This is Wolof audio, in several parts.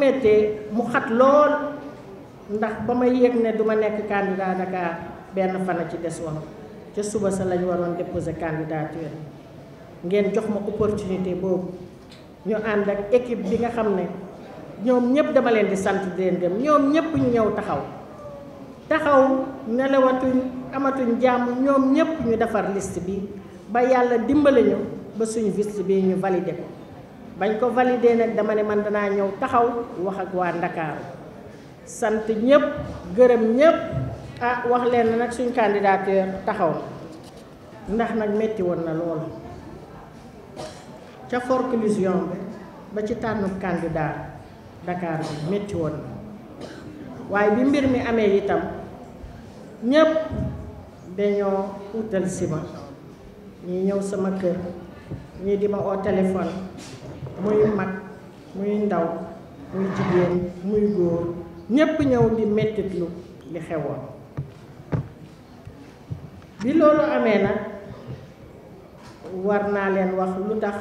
méttee mu xat lool ndax ba ma yéeg ne duma nekk candidat Dakar benn fan a ci des woon ca suba sa lañu waroon déposer candidature ngeen jox ma opportunité boobu ñu ànd ak équipe bi nga xam ne ñoom ñëpp dama leen di sant di leen gëm ñoom ñëpp ñu ñëw taxaw taxaw nelawatuñ amatuñ jàmm ñoom ñëpp ñu defar list bi ba yàlla dimbali ñu ba suñu liste bi ñu validé ko. bañ ko valide nag dama ne man danaa ñëw taxaw wax ak waa Ndakaaru sant ñépp gërëm ñëpp ah wax leen nag suñ candidature taxaw ndax nag metti woon na loolu ca forclusion bi ba ci tànnub candidat Dakar bi metti woon na waaye bi mbir mi amee itam ñëpp dañoo utal si ma ñii ñëw sama kër ñii di ma oo téléphone muy mag muy ndaw muy jigéen muy góor ñépp ñëw di mettitlu li xewoon bi loolu amee nag war naa leen wax lu tax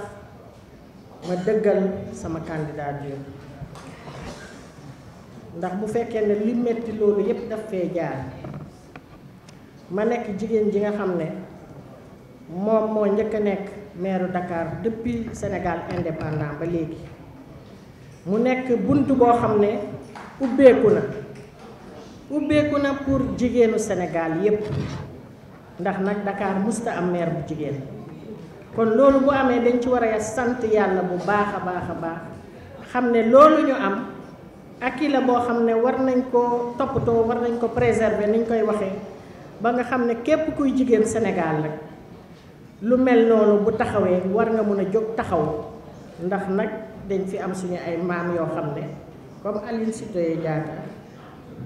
ma dëggal sama candidature ndax bu fekkee ne li metti loolu yépp daf fee jaar ma nekk jigéen ji nga xam ne moom moo njëkk a nekk maire dakaar depuis senegal indépendant ba léegi mu nekk bunt boo xam ne ubbeeku na ubbeeku na pour jigéenu senegal yépp ndax nag dakaar musta am maire bu jigéen kon loolu bu amee dañ ci war a sant yàlla bu baax a baax a baax xam ne loolu ñu am ak i la boo xam ne war nañ ko toppatoo war nañ ko préserver niñ koy waxee ba nga xam ne képp kuy jigéen Sénégal rek lu mel noonu bu taxawee war nga mën a jóg taxaw ndax nag dañ fi am suñu ay maam yoo xam ne comme Aline Sitoé Diatta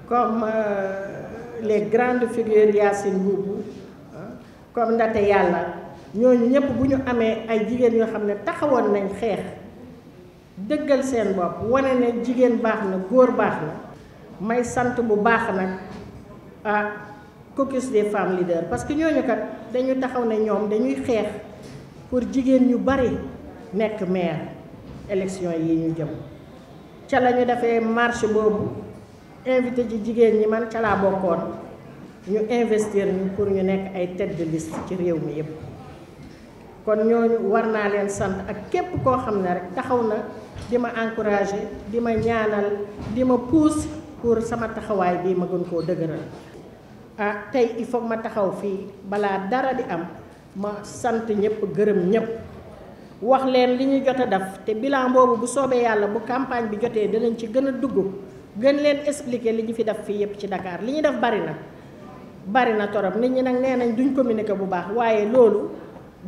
comme euh, les grandes figures Yacine Boubou euh, comme Ndate Yàlla ñooñu ñëpp bu ñu amee ay jigéen yoo xam ne taxawoon nañ xeex dëggal seen bopp wane ne jigéen baax na góor baax na may sant bu baax nag ah caucus des femmes leaders parce que ñooñu kat dañu taxaw ne ñoom dañuy xeex pour jigéen ñu bari nekk maire élection yi ñu jëm ca la ñu defee boobu invité ji jigéen ñi man ca laa bokkoon ñu investir ñu pour ñu nekk ay tête de ci réew mi yépp kon ñooñu war naa leen sant ak képp koo xam ne rek taxaw na di ma encourager di ma ñaanal di ma pousse pour sama taxawaay bii ma gën koo dëgëral ah tey il faut ma taxaw fii balaa dara di am ma sant ñëpp gërëm ñëpp wax leen li ñu jot a def te bilan boobu bu soobee yàlla bu campagne bi jotee danañ ci gën a dugub gën leen expliquer li ñu fi def fii yëpp ci Dakar li ñu def bari na bari na torop nit ñi nag nee nañ duñ communiquer bu baax waaye loolu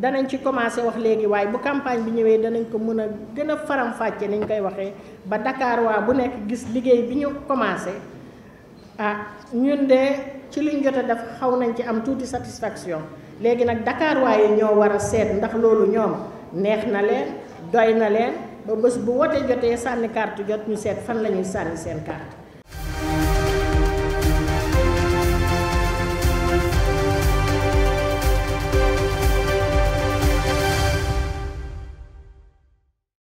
danañ ci commencé wax léegi waaye bu campagne bi ñëwee danañ ko mën a gën a faram-fàcce ni ñu koy waxee ba Dakar waa bu nekk gis liggéey bi ñu commencé ah ci liñ jot a def xaw nañ ci am tuuti satisfaction léegi nag Dakar waaye ñoo war a seet ndax loolu ñoom neex na leen doy na leen ba bés bu wootee jotee sànni carte jot ñu seet fan la ñuy sànni seen carte.